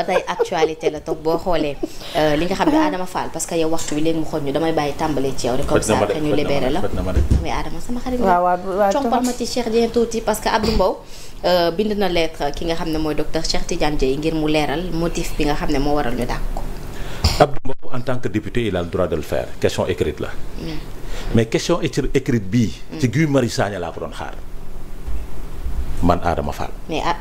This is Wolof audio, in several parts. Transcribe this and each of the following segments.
ba tey actualité la toog boo xoolee euh, li nga xam ne Adama Fall parce que yow waxtu bi léegi mu xool ñu damay bàyyi tàmbalee ci yow rek comme ça après ñu la mais tuuti parce que Abdou Mbow euh, bind na lettre ki nga xam ne mooy docteur Cheikh Tidiane Dieye ngir mu leeral motif bi nga xam ne moo waral ñu dàq ko Abdou tant que député il a question écrite la mm. mais question écrite bii mm. ci Guy Marius Sagna laa ko doon xaar man Adama Fall. mais ah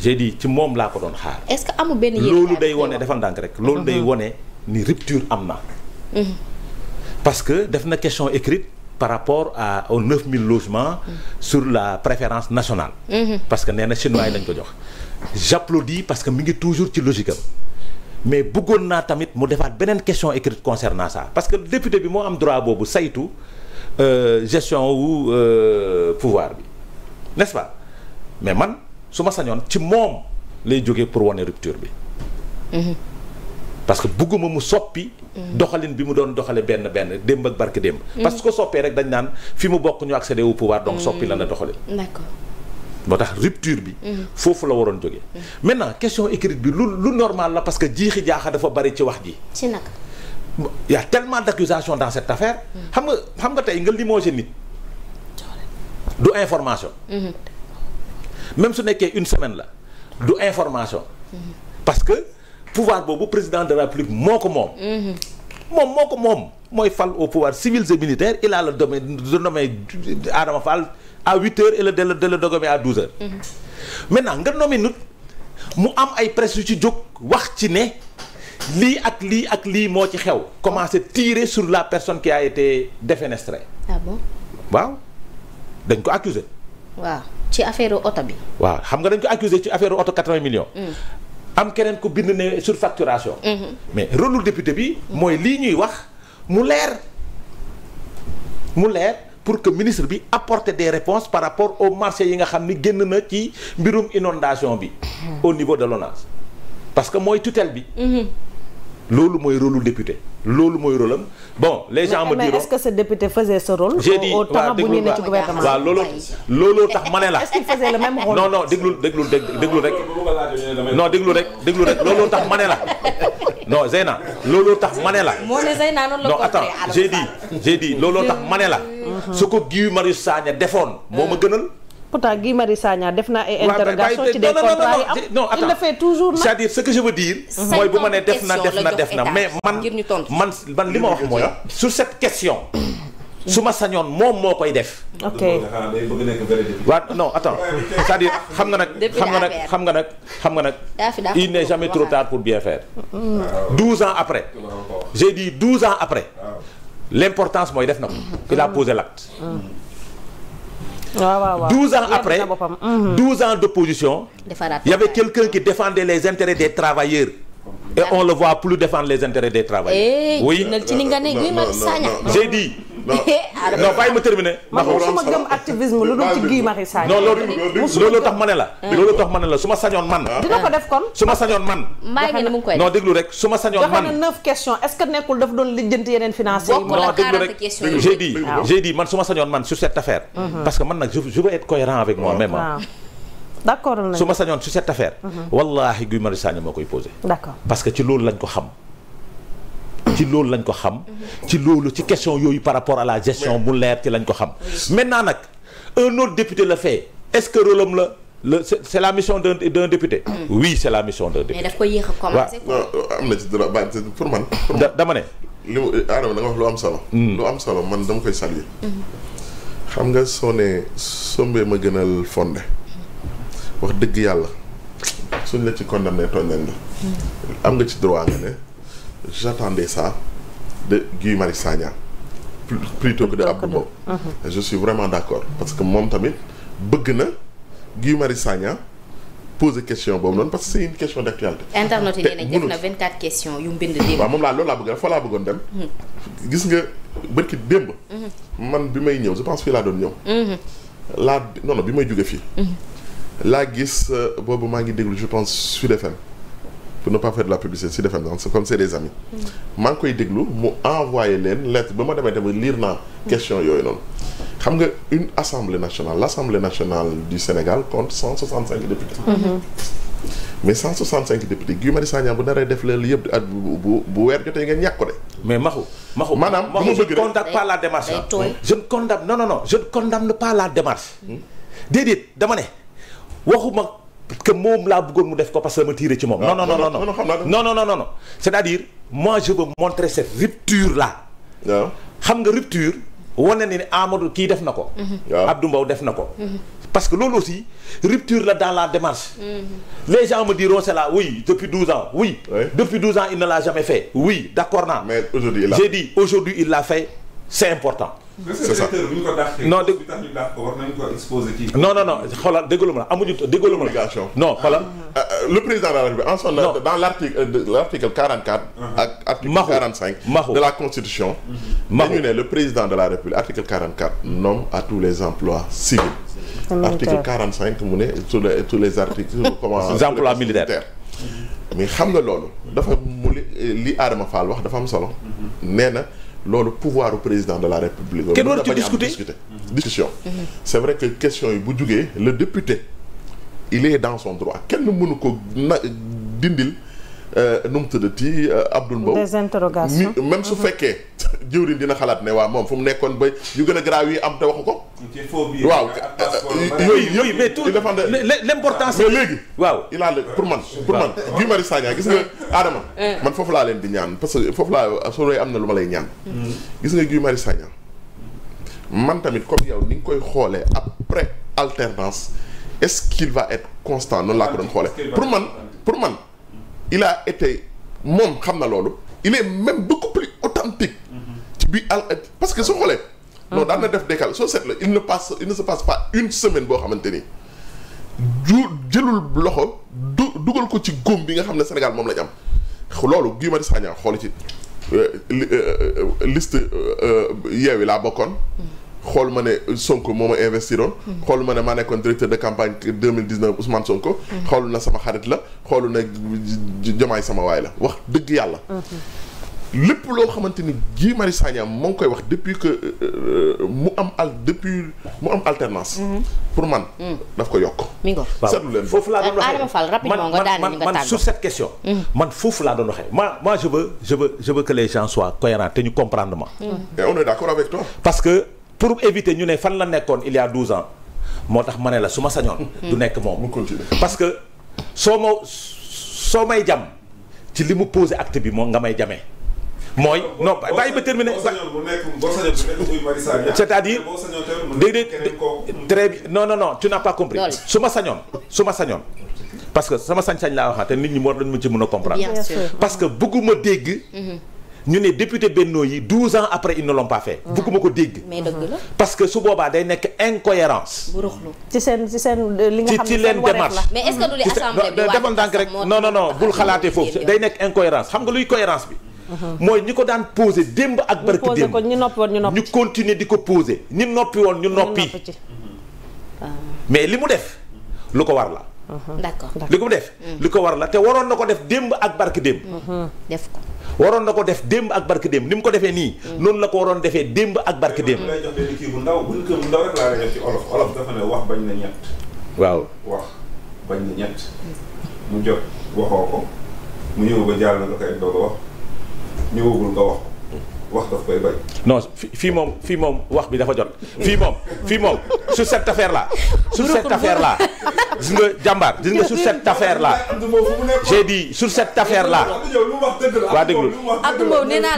ci moom laa ko doon xaar. est-ce que amul benn yéen loolu day wone defal ndànk rek. loolu day mhm. wone ni rupture am na. Mhm. parce que def na question écrite par rapport à aux 9000 logements. Mhm. sur la préférence nationale. parce que nee na chinois yi lañ ko jox. j'applaudis parce que mi ngi toujours ci logique mais bëggoon naa tamit mu defaat beneen question écrite concernant ça parce que député bi moo am droit boobu saytu euh, gestion wu euh, pouvoir bi. n'est-ce mais man su ma sañoon ci moom lay jógee pour wane rupture bi. Mhm. parce que bugguma mu soppi. Mhm. doxalin bi mu doon doxale benn benn démb ak barke démb. Mhm. parce que ko soppee rek dañ naan fi mu bokk ñu accéder au pouvoir donc soppi la na doxalin. d'accord. moo tax bi. foofu la waroon jógee. maintenant question écrite bi lu lu normal la parce que jiixi jaaxa dafa bari ci wax ji. ci naka. y a tellement d'accusations dans cette affaire. xam nga xam nga tey nga limogé nit. du information. même su nekkee une semaine la du information. parce que pouvoir boobu président de la République moo ko moom. moom moo ko moom mooy fal au pouvoir civil et militaire il a domaine de nommer Adama Fall à huit heures et le de le dogomé à douze heures. maintenant nga nommer mu am ay presse yu ci jóg wax ci ne lii ak lii ak lii moo ci xew. commencer tirer sur la personne qui a été défenestrée. Ah waaw. dañ ko accusé. waaw ci affaire oto bi. waaw xam nga dañ ko accusé ci affaire oto 80 millions. Mm. am keneen ku bind ne surfacturation. Mm-hmm. mais rôle député bi. mooy lii ñuy wax mu leer mu leer. pour que ministre bi apporter des réponses par rapport au marché yi nga xam ni génn na ci mbirum inondation bi. Mm-hmm. au niveau de l'ONAS parce que mooy tutelle bi. Mm-hmm. loolu mooy rôle lu député loolu mooy rôle bon les gens me diront mais est-ce que ce député faisait ce rôle. j'ai dit waaw looloo looloo tax ma ne la. est-ce qu'il faisait le même rôle. non déglu rek. déglu rek déglu rek looloo tax ma ne la non Zeyna looloo tax ma la. moo ne Zeyna noonu la non attends looloo tax ma ne la. su mm-hmm. ko Guy Marius Sagna defoon moo ma gënal. pourtant Guy Marius Sagna def naa ay interrogation ci des contrats yi am non ce que je veux dire mooy bu ma ne def na def na def na mais man man man li ma wax mooy sur cette question su ma sañoon moom moo koy def. ok waaw non attends c'est-à-dire xam nga nag. xam nga nag xam nga nag xam nga nag. il n'est jamais trop tard pour bien faire. 12 mm-hmm. ans après. j'ai dit 12 ans après. l'importance mooy def na ko. il a mm-hmm. posé 12 ans après 12 mhm. ans d'opposition il y avait quelqu'un qui défendait les intérêts des travailleurs et on le voit plus défendre les intérêts des travailleurs eh, oui j'ai dit non bàyyi ma terminer. ma suma gëm activisme lu dul ci Guy Marius Sagna. non loolu tax ma ne la. Ah. loolu ma ne la su ma sañoon man. Ah. dina ko def kon. su ma sañoon man. maa ngi su ma sañoon man. joxe na neuf questions est-ce que nekkul daf doon lijjanti yeneen financiers yi. non man su ma sañoon man sur cette affaire. Mm-hmm. parce que man nag je veux être avec moi-même ah. mm-hmm. d'accord parce que ci loolu lañ ko xam. ci loolu lañ ko xam. ci loolu ci question yooyu par rapport à la gestion bu leer ci lañ ko xam. maintenant nag un autre député le fait est-ce que rôle am la. le c'est la mission d'un d'un député. Mm. oui c'est la mission d'un député. mais euh, am na ci dara bàyyi pour man. da dama ne. li mu eh, wax lu am solo. Mm. lu am solo man dama koy saluer. Mm-hmm. xam nga soo ne sombee ma gënal fonde. wax dëgg yàlla suñ la ci condamné tooñ nañ la. Mm. am nga ci droit nga ne. j'attendais ça de Guy Marius Sagna plutôt que de Abdou Mbow uh-huh. je suis vraiment d'accord parce que moom tamit bëgg na Guy Marius Sagna poser question boobu noonu parce que c'est une question d'actualité internet yi nee yu mbind démb moom laa loolu laa bëgg fa laa bëggoon dem hmm. gis nga bërki démb hmm. man bi may ñëw je pense fii laa doon ñëw hmm. laa non bi may jóge fii laa gis euh, boobu maa ngi déglu je pense Sud FM pour ne pas faire de la publicité si defem na comme c'est des amis maa ngi koy déglu mu envoyé leen lettre ba ma demee tamit lire naa question yooyu noonu xam nga une assemblée nationale l'assemblée nationale du Sénégal compte 165 députés mm-hmm. mais 165 députés Guy Marius Sagna bu naree def loolu yëpp at bu bu weer jotee ngeen ñàkk de. mais maxu maxu maanaam bu ma bëgg je condamne pas la démarche je ne condamne non non non je ne condamne pas la hmm? déedéet dama ne waxuma. que moom laa bëggoon mu def ko parce que dama tiré ci moom. Ah, non non non non non non non non non c'est-à-dire moi je veux montrer cette rupture là. waaw ah. xam nga rupture wane na ni Amadou kii def na ko. waaw mm-hmm. ah. Abdou Mbow def na ko. Mm-hmm. parce que loolu aussi rupture la dans la démarche. Mm-hmm. les gens me diront c'est là oui depuis 12 ans oui. depuis 12 ans il ne l'a jamais fait. oui d'accord naa. mais aujourd'hui il l'a fait j'ai dit aujourd'hui il l'a fait c'est important. c'est ça bu ñu ko dàqee. non dégg tax ñu dàq ko war nañu ko exposé ci. non non non xoolal déglu ma la amuñu déglu ma la. non xoolal. Euh, euh, le de la République en son dans l' euh, uh-huh. maxu de la constitution. Mm-hmm. maxu le président de la République article 44 nomme à tous les emplois civils. article 45 mu ne tous les tous les articles. comment les emplois mais xam nga loolu. dafa mu li Adama Fall wax dafa am solo. Mm-hmm. nee na. loolu pouvoir président de la république. kenn waru ci discuter discussion. Mm-hmm. Mm-hmm. c'est vrai que question yi bu jugee le député il est dans son droit kenn mënu ko na dindil euh, nu mu tuddati euh, Abdoul Mbow. des interrogations même su mm-hmm. fekkee. jiwriñ dina xalaat ne waa moom fu mu nekkoon ba yu gën a graaw yi am te waxu ko. waaw yooyu yooyu mais tout l'importance mais léegi. waaw il a pour man pour man Guy Marius Sagna gis nga Adama. Eh. man foofu laa leen di ñaan parce que foofu laa soo am na lu ma lay ñaan. Hmm. gis nga Guy Marius Sagna man tamit comme yow ni nga koy xoolee après alternance est-ce qu'il va être constant noonu laa ko doon xoolee pour man pour man il a été moom xam na loolu il est même beaucoup bi al parce que soo xoolee. Ah. non daan na def décalé soo seetloo il ne passe il ne se passe pas une semaine boo xamante ni ju jëlul loxo du dugal ko ci góom bi nga xam ne Sénégal moom lañ am loolu Guy Marius Sagna xool ci euh, euh, liste euh, Yewwi laa bokkoon. Mm. xool ma ne Sonko moom ma investiroon. Mm. xool ma ne maa nekkoon directeur de campagne 2019 Ousmane Sonko. Mm. xoolu na sama xarit la xoolu na Diomaye sama waay la wax dëgg yàlla. Mm-hmm. lépp loo xamante ni Guy Marius Sagna moo ngi koy wax depuis que euh, euh, mu am al depuis mu am alternance. Mhm. pour man. Mhm. daf ko yokk. mi ñu ah, nga tàggatoo man sur cette que les gens soient cohérents te ñu comprendre mhm. parce que pour éviter ñu ne fan la nekkoon il y a moo tax ma ne la su ma sañoon. du nekk moom mu continuer que soo ma soo may jam ci li mu posé acte bi moom nga may jamee. mooy no bàyyi ba terminé. c'est-à-dire déedéet très bien non non non tu n'as pas compris. su ma sañoon su ma sañoon. parce que sama sañ-sañ laa waxaat te nit ñi war nañu ma ci mën a comprendre. parce que bëgguma dégg. Mm-hmm. ñu ne député Benno yi 12 ans après ils ne l'ont pas fait. Mm-hmm. ko dégg. mais dëgg mm-hmm. parce que su boobaa day nekk incohérence ci seen ci seen euh, li nga xam ne ci leen démarche. mais est-ce que du li assemblée bi defal rek non non non bul xalaatee foofu day nekk incohérence bi. mooy ñi ko daan posé démb ak barki démb ñu noppi woon ñu noppi ñu continuer di ko posé ñi noppi woon ñu noppi ah. mais li mu def lu ko war la uh-huh. d'accord li ko def mm. li ko war la te waroon na ko def démb ak barki démb uh-huh. def ko waroon na ko def démb ak barki démb ni mu ko defee nii mm. noonu la ko waroon defee démb ak barki démb lay jox benn kii bu ndaw bu kii bu ndaw rek laa lay ci olof olof dafa wax bañ na ñett waaw wax bañ na ñett mu jot waxoo ko mu ñëwagul nga fii moom fii moom wax bi dafa jot fii moom fii moom sur cette affaire la sur cette affaire là gis jàmbaar gis nga sur cette affaire là j'ai dit sur cette la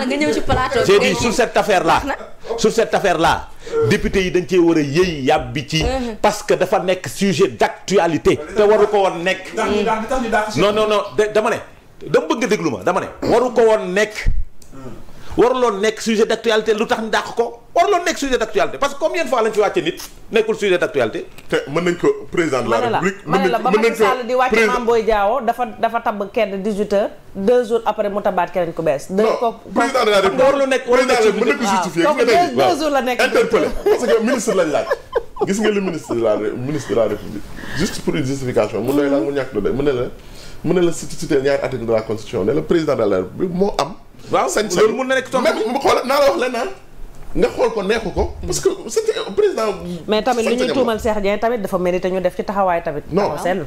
nga ñëw ci plateau j'ai dit sur cette affaire là sur député yi dañ cee war a yëy yàbbi ci uh-huh. parce que dafa nekk sujet d'actualité te waru ko woon nekk non non non dama ne dama bëgg déglu ma dama ne waru ko woon nekk waruloon nekk sujet d' actualité lu tax ñu ko waruloon nekk sujet d' parce que combien de fois lañ ci wàcce nit nekkul sujet d' actualité. te la république. ba Macky Sall di wàcce Mame Boye ne la mu ne la cité de la constitution ne la président de la république moo am waaw sañ sañ loolu mun na nekk tontu même mu xool naa la wax lenn nga xool ko neexu ko. Hmm. parce que c'était président. mais tamit li ñuy tuumal Cheikh Dieng tamit dafa mérité ñu def ci taxawaay tamit. non xam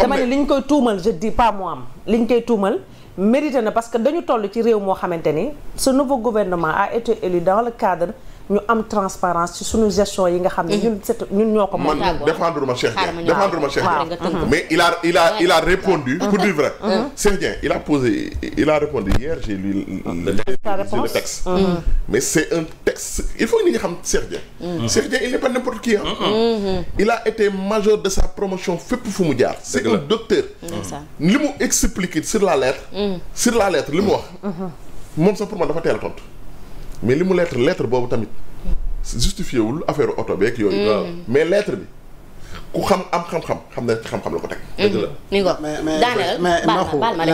dama ne li ñu koy tuumal je di pas moi am li ñu koy tuumal. mérité na parce que dañu toll ci réew moo xamante ni ce nouveau gouvernement a été élu dans le cadre. ñu am transparence ci suñu gestion yi nga xam ne mhm. ñun c'est ñun ñoo ko man défendre ma Cheikh Dieng défendre ma Cheikh mais il a il a il a répondu pour mhm. dire vrai mhm. Cheikh Dieng il a posé il a répondu hier j'ai lu le texte mais c'est un texte il faut nit ñi xam Cheikh Dieng Cheikh Dieng il n'est pas n'importe qui il a été major de sa promotion fépp fu mu jaar c'est un docteur li mu expliquer sur la lettre sur la lettre li mu wax moom sax pour man dafa teel a tontu mais li mu lettre lettre boobu tamit justifié wul affaire oto beeg yooyu. Mm. mais lettre bi ku xam am xam-xam xam na ci xam-xam la ko teg. Mm-hmm. dëgg la mi ngoog daaneel baal ma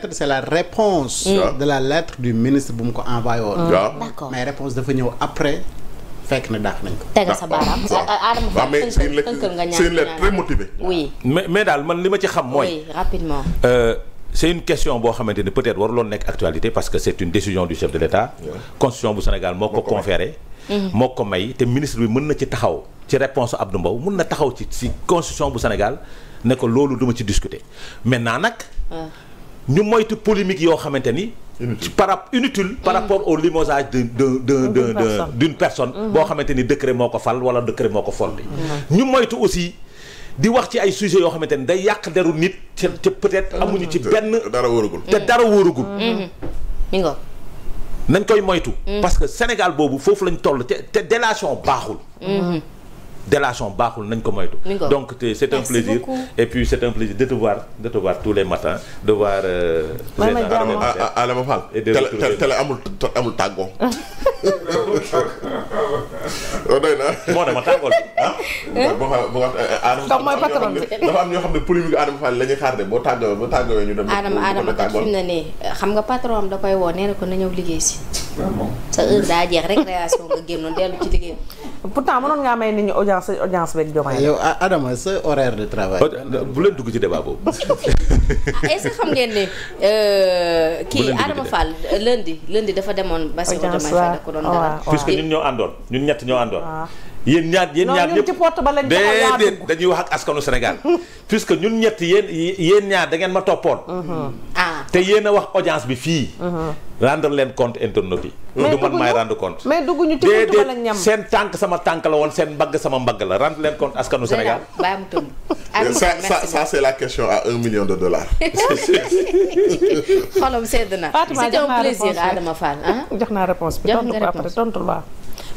rek la réponse mm. de la lettre du ministre bu mu ko envoyé woon. Mm. d'accord mais réponse dafa ñëw après. fekk na daax nañ ko. tegal sa baaraam Adama Fall seen lettre très motivée. mais mais daal man li ma ci xam mooy. oui c'est une question boo xamante ni peut-être waruloon nekk actualité parce que c'est une décision du chef de l'État constitution bu Sénégal moo ko conféré mm-hmm. moo ko may te ministre bi mën na ci taxaw ci réponse Abdou Mbow mën na taxaw ci ci constitution bu Sénégal ne ko loolu duma ci discuter maintenant nag ñu moytu polémique yoo xamante ni par inutile par rapport mm. au limosage de de de d'une personne mm-hmm. boo xamante ni décret moo ko fal wala décret moo ko folli mm-hmm. ñu moytu aussi di wax ci ay sujets yoo xamante ne day yàq deru nit te te peut-être ah, amuñu ci benn dara wóoragul te dara wóoragul mm-hmm. Mm-hmm. nañ koy moytu mm-hmm. parce que Sénégal boobu foofu lañ toll te te délation baaxul délation baaxul nañ ko moytu donc c'est c'est un plaisir et puis c'est un plaisir de te voir tous les matins de voir Adama Fall te amul amul tàggoo waaw oh, doy na. moo dama tàngoor bi ah. boo xam boo xam Adama. patron dafa am ñoo xam ne polémique Adama Fall la ñuy xaar de boo tàggoo boo tàggoowee ñu dem. Adama Adama kat fi mu ne nii xam nga patron am da koy woo nee ko na ñëw liggéey si. sa heure daa jeex récréation nga génnoon dellu ci liggéeyam. pourtant mënoon ngaa may nit ñi audience audience beeg de travail. bu leen dugg ci débat boobu. Ah, est-ce que xam ngeen ne euh, kii Adama Fall euh, lundi lundi dafa demoon Bassirou Diomaye Fall da ko doon dara. puisque ñun ñoo àndoon ñun ñett ñoo àndoon. Ah. yéen ñaar yéen ñaar ñëpp déedéet dañuy wax ak askanu Sénégal puisque ñun ñett yéen yéen ñaar da ngeen ma toppoon. Mm-hmm. te yéen a wax audience bi fii. Uh-huh. rendre leen compte internautes yi. du man maay rendre mais dugg ñu tibbutuma la ñam seen tànk sama tànk la woon seen mbagg sama mbagg la rendre leen compte askanu Sénégal. bàyyi mu tënk. Aliou ça ça ça la question million de dollars. na. c'était un plaisir Adama Fall jox naa réponse bi tontu ko après tontu waaw.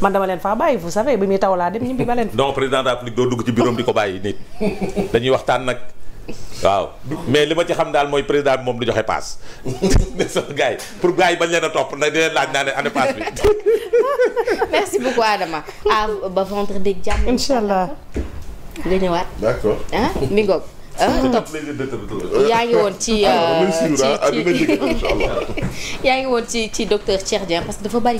man dama leen faa bàyyi vous savez bi muy taw laa dem ñibbi ba leen. non président de la République doo dugg ci bureau di ko bàyyi nit dañuy waxtaan nag. waaw mais li ma ci xam daal mooy président bi moom du joxe paas ne sama gars pour gars yi bañ leen a topp nag di leen laaj naa ne ana paas bi. merci beaucoup Adama ah ba vendredi ak jàmm. incha allah nga a d' accord ah mi ngoog. Euh, yaa ngi woon ci ah, euh, ah, ci ci yaa ngi woon ci ci docteur Cheikh Dieng parce dafa bari.